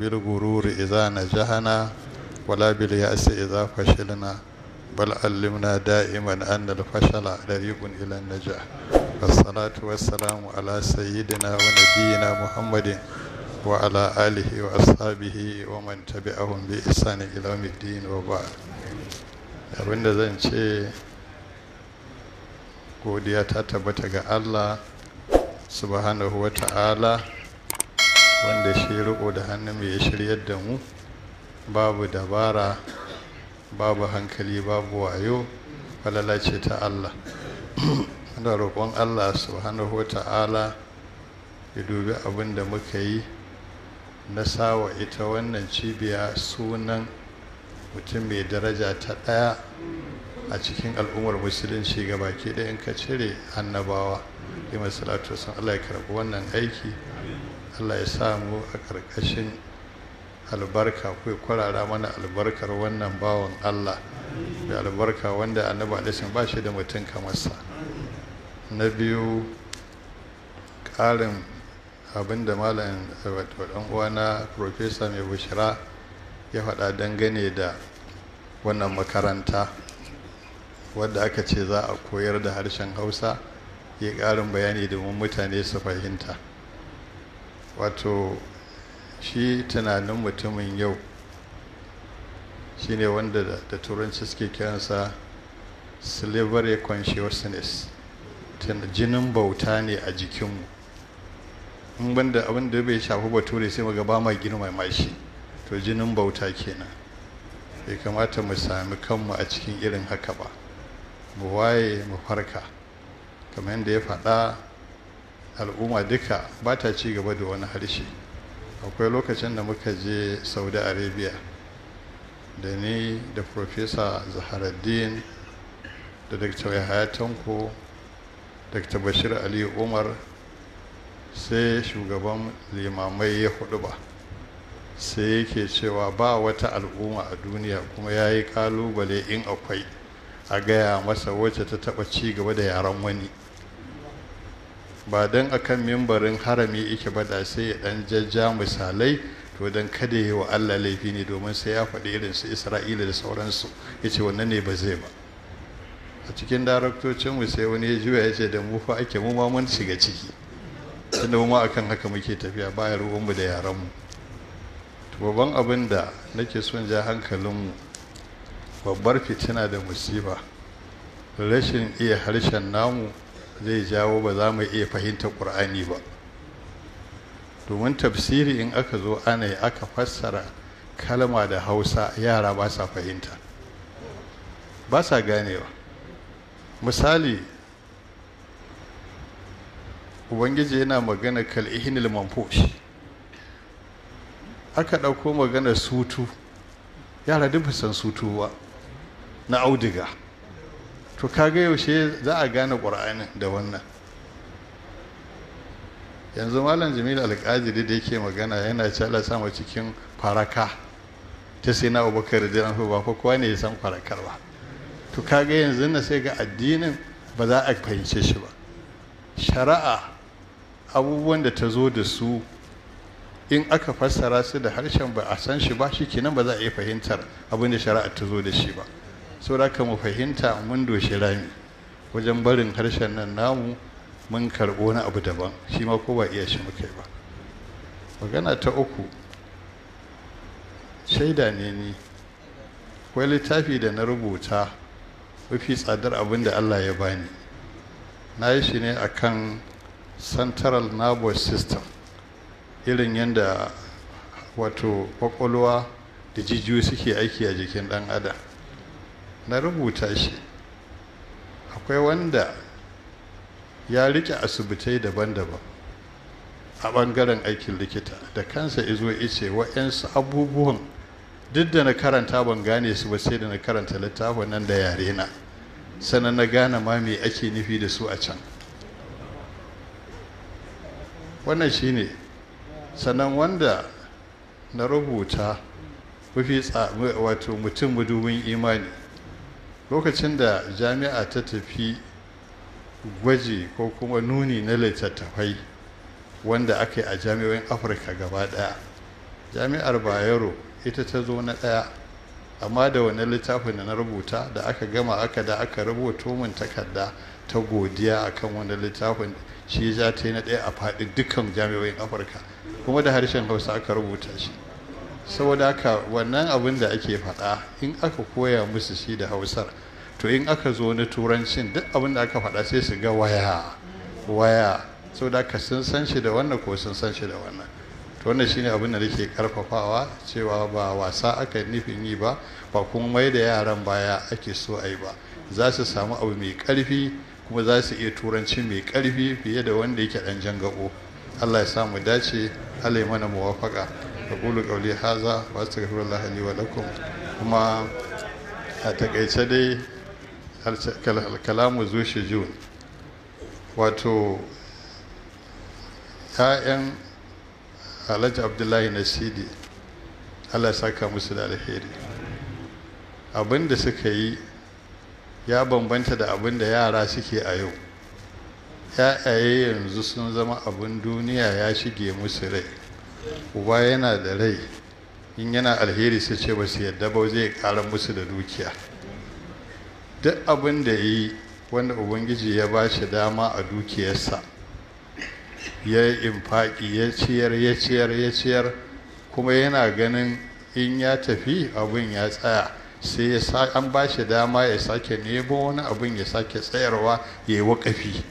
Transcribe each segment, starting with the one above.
بالغرور إذا نجحنا ولا باليأس إذا فشلنا بل علمنا دائما أن الفشل طريق إلى النجاح والصلاة والسلام على سيدنا ونبينا محمد وعلى آله وأصحابه ومن تبعهم بإحسان إلى يوم الدين وبعد abin da zan ce godiya ta tabbata ga Allah subhanahu wa ta'ala wanda shi riko da hannu mai shiryar da mu babu dabara babu hankali babu wayo falala ce ta Allah da roƙon Allah subhanahu wa ta'ala ya dubi abin da muka yi na sawa ita wannan cibiya sunan mutum mai daraja ta ɗaya a cikin al'ummar musulunci ga baki ɗaya in ka cire annabawa masu salatu wasan Allah ya karɓi wannan aiki allah ya sa mu a ƙarƙashin albarka kai kwarara mana albarkar wannan bawan allah da albarka wanda annabi alisun ba shi da mutum sa na biyu ƙarin abin da malam uwa uwana profesa mai bushira ya faɗa dangane da wannan makaranta wadda aka ce za a koyar da harshen hausa ya ƙarin bayani domin mutane su fahimta wato shi tunanin mutumin yau shine wanda da turanci suke kiransa slavery consciousness jinin bauta ne a jikinmu in banda abin da bai shafi bature sai mu ba ma girmama mashi to jinin bauta kenan bai kamata mu sami kanmu a cikin irin haka ba mu waye mu farka kamar yadda ya faɗa al'umma duka ba ta ci gaba da wani harshe akwai lokacin da muka je saudi arabia da ni da profesa zaharaddin da dr yahaya tanko dr bashir ali umar sai shugaban limamai ya hudu ba sai yake cewa ba wata al'umma a duniya kuma ya yi kalubale in akwai a gaya masa wacce ta taba ci gaba da yaren wani ba don a kan mimbarin harami yake ba da sai ya dan jajja misalai to don kada yi wa Allah laifi ne domin sai ya faɗi irin su Isra'ila da sauransu ya ce wannan ne ba zai ba a cikin daraktocinmu sai wani ya juya ya ce da mu fa ake mu ma mun shiga ciki tunda mu ma akan haka muke tafiya ba ruwan rubanmu da yaranmu to babban abin da nake son ja hankalinmu babbar fitina da musiba rashin iya harshen namu zai jawo ba za mu iya fahimtar ƙur'ani ba domin tafsiri in aka zo ana yi aka fassara kalma da hausa yara ba sa fahimta ba sa ganewa misali ubangiji yana magana kal'ihinil manfush aka ɗauko magana sutu yara duk san sutu ba na audiga to kaga yaushe za a gane ƙur'anin da wannan yanzu malam jamil alƙadiri da yake magana yana ce ala sama cikin faraka ta sai na abubakar da ran ba ko kowa ne ya san farakar ba to kaga yanzu na sai ga addinin ba za a fahimce shi ba shari'a abubuwan da ta zo da su in aka fassara su da harshen ba a san shi ba shi kenan ba za a iya fahimtar abin da shari'a ta zo da shi ba saboda mu fahimta mun doshi rami wajen barin harshen nan namu mun karɓo na abu daban shi ma ko ba iya shi muka ba magana ta uku shaida ne ni akwai littafi da na rubuta mafi tsadar abin da allah ya bani na yi shi ne a kan central nervous system irin yadda wato kwakwalwa da jijiyoyi suke aiki a jikin ɗan adam na rubuta shi akwai wanda ya rike asibitai daban-daban a ɓangaren aikin likita da kansa izo ice wa'yansu abubuwan duk da na karanta ban gane su ba sai da na karanta littafin nan da yare na sannan na gane ma me ake nufi da su a can wannan shi ne sannan wanda na rubuta mafi wato mutum madumin imani lokacin da jami'a ta tafi gwaji ko kuma nuni na littattafai wanda aka yi a jami'oyin afirka gaba daya jami'ar bayero ita ta zo na daya amma da wani littafin da na rubuta da aka gama aka da aka rubuto min takarda ta godiya akan wani littafin shi za ta yi na daya a faɗi dukkan jami'oyin afirka kuma da harshen hausa aka rubuta shi saboda haka wannan abin da ake faɗa in aka koya musu shi da hausar to in aka zo na turancin duk abin da aka faɗa sai su ga waya waya saboda haka sun san shi da wannan ko sun san shi da wannan to wannan shine abin da nake karfafawa cewa ba wasa aka nufin yi ba ba kuma mai da yaran baya ake so a yi ba za su samu abu mai karfi kuma za su iya turanci mai karfi fiye da wanda yake dan jangabo Allah ya samu dace Allah ya mana muwafaka aqulu qawli hadha wa astaghfirullah li wa lakum kuma a takaice dai kalamu zu shujun wato ƴaƴan Alhaji Abdullahi Nasidi Allah saka musu da alheri abin da suka yi ya bambanta da abin da yara suke a yau ya'yaye yanzu sun zama abin duniya ya shige musu rai uba yana da rai in yana alheri sai ce ba su yadda ba zai ƙara musu da dukiya duk abin da yi wanda ubangiji ya ba shi dama a dukiyarsa ya yi infaƙi ya ciyar ya ciyar ya ciyar kuma yana ganin in ya tafi abin ya tsaya sai ya an ba shi dama ya sake nemo wani abin ya sake tsayarwa ya yi wakafi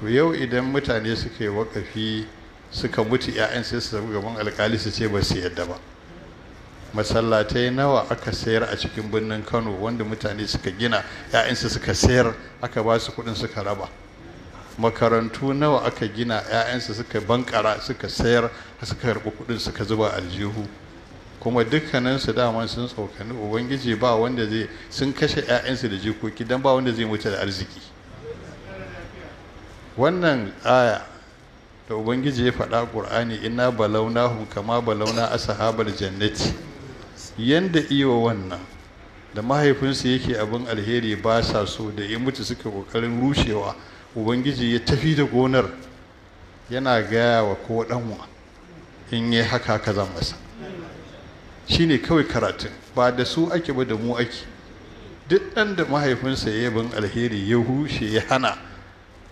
to yau idan mutane suka yi wakafi suka mutu 'ya'yan sai su tafi gaban alkali su ce ba su yadda ba masallatai nawa aka sayar a cikin birnin kano wanda mutane suka gina 'ya'yansu suka sayar aka ba su kudin suka raba makarantu nawa aka gina 'ya'yansu suka bankara suka sayar suka karɓi kudin suka zuba aljihu kuma dukkaninsu daman sun tsokani ubangiji ba wanda zai sun kashe 'ya'yansu da jikoki don ba wanda zai mutu da arziki wannan aya da ubangiji ya faɗa ƙur'ani ina Balauna kama balauna a sahabar jannati yanda iya wannan da mahaifinsu yake abin alheri ba sa so da ya mutu suka ƙoƙarin rushewa ubangiji ya tafi da gonar yana gaya wa ko ɗanwa in yi haka ka zan masa shi ne kawai karatun ba da su ake ba da mu ake duk ɗan da mahaifinsa ya yi abin alheri ya rushe ya hana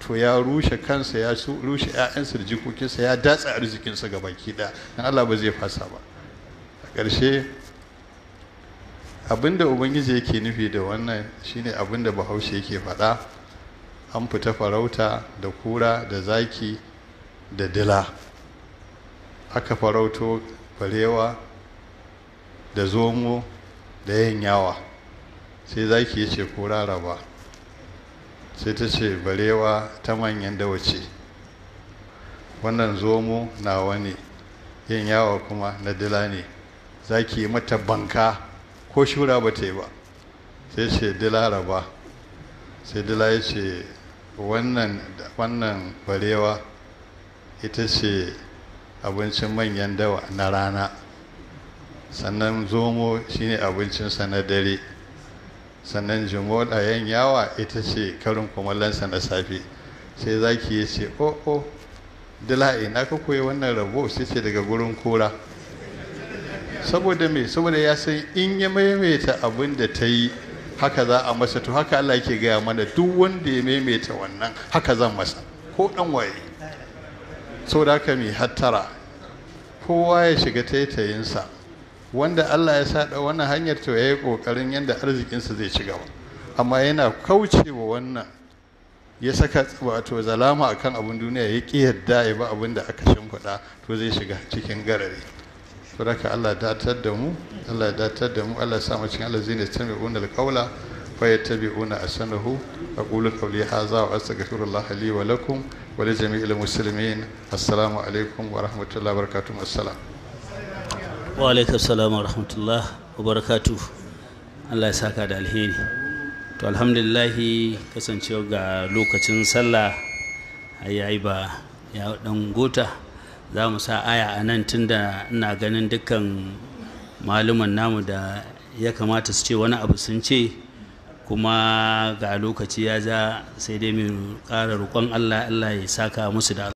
to ya rushe kansa ya rushe 'ya'yansa da jikokinsa ya datsa arzikinsa ga baki ɗaya dan Allah ba zai fasa ba a ƙarshe abinda ubangiji yake nufi da wannan shine abinda bahaushe yake faɗa an fita farauta da kura da zaki da dila aka farauto farewa da zomo da yanyawa sai zaki ya ce kura raba sai ta ce barewa ta manyan dawace wannan zomo na wani yin yawa kuma na dila ne za ki yi mata banka ko shura ba ta yi ba sai ce dila raba sai dila ya ce wannan barewa ita ce abincin manyan dawa na rana sannan zomo shine abincinsa na dare sannan jimoda ɗayan yawa ita ce karin kumallonsa na safe sai zaki ya ce o oh, o oh, dila'i na ka koyi wannan rabo sai ce daga gurin kura saboda me saboda ya san in ya maimaita abin da ta yi haka za a masa to haka Allah ke gaya mana duk wanda ya maimaita wannan haka zan masa ko dan waye saboda haka mai hattara kowa ya shiga taitayinsa wanda Allah ya saɗa da wannan hanyar to ya yi ƙoƙarin yadda arzikinsa zai ci gaba amma yana kauce wa wannan ya saka wato zalama a kan abin duniya ya ƙi yadda ya ba abin da aka shimfiɗa to zai shiga cikin garare saboda Allah datar da mu Allah datar da mu Allah sa mu cikin Allah zai ne tabi'una alqaula fa yattabi'una asanahu aqulu qawli hadha wa astaghfirullaha li wa lakum wa li jami'il muslimin assalamu alaikum wa rahmatullahi wa barakatuh wa alaikum salam wa rahmatullah wa barakatu Allah ya saka da alheri to alhamdulillahi kasancewa ga lokacin sallah yi ba ya dan gota za mu sa aya a nan tunda ina ganin dukkan maluman namu da ya kamata su ce wani abu sun ce kuma ga lokaci ya ja sai dai mu ƙara roƙon Allah Allah ya saka musu da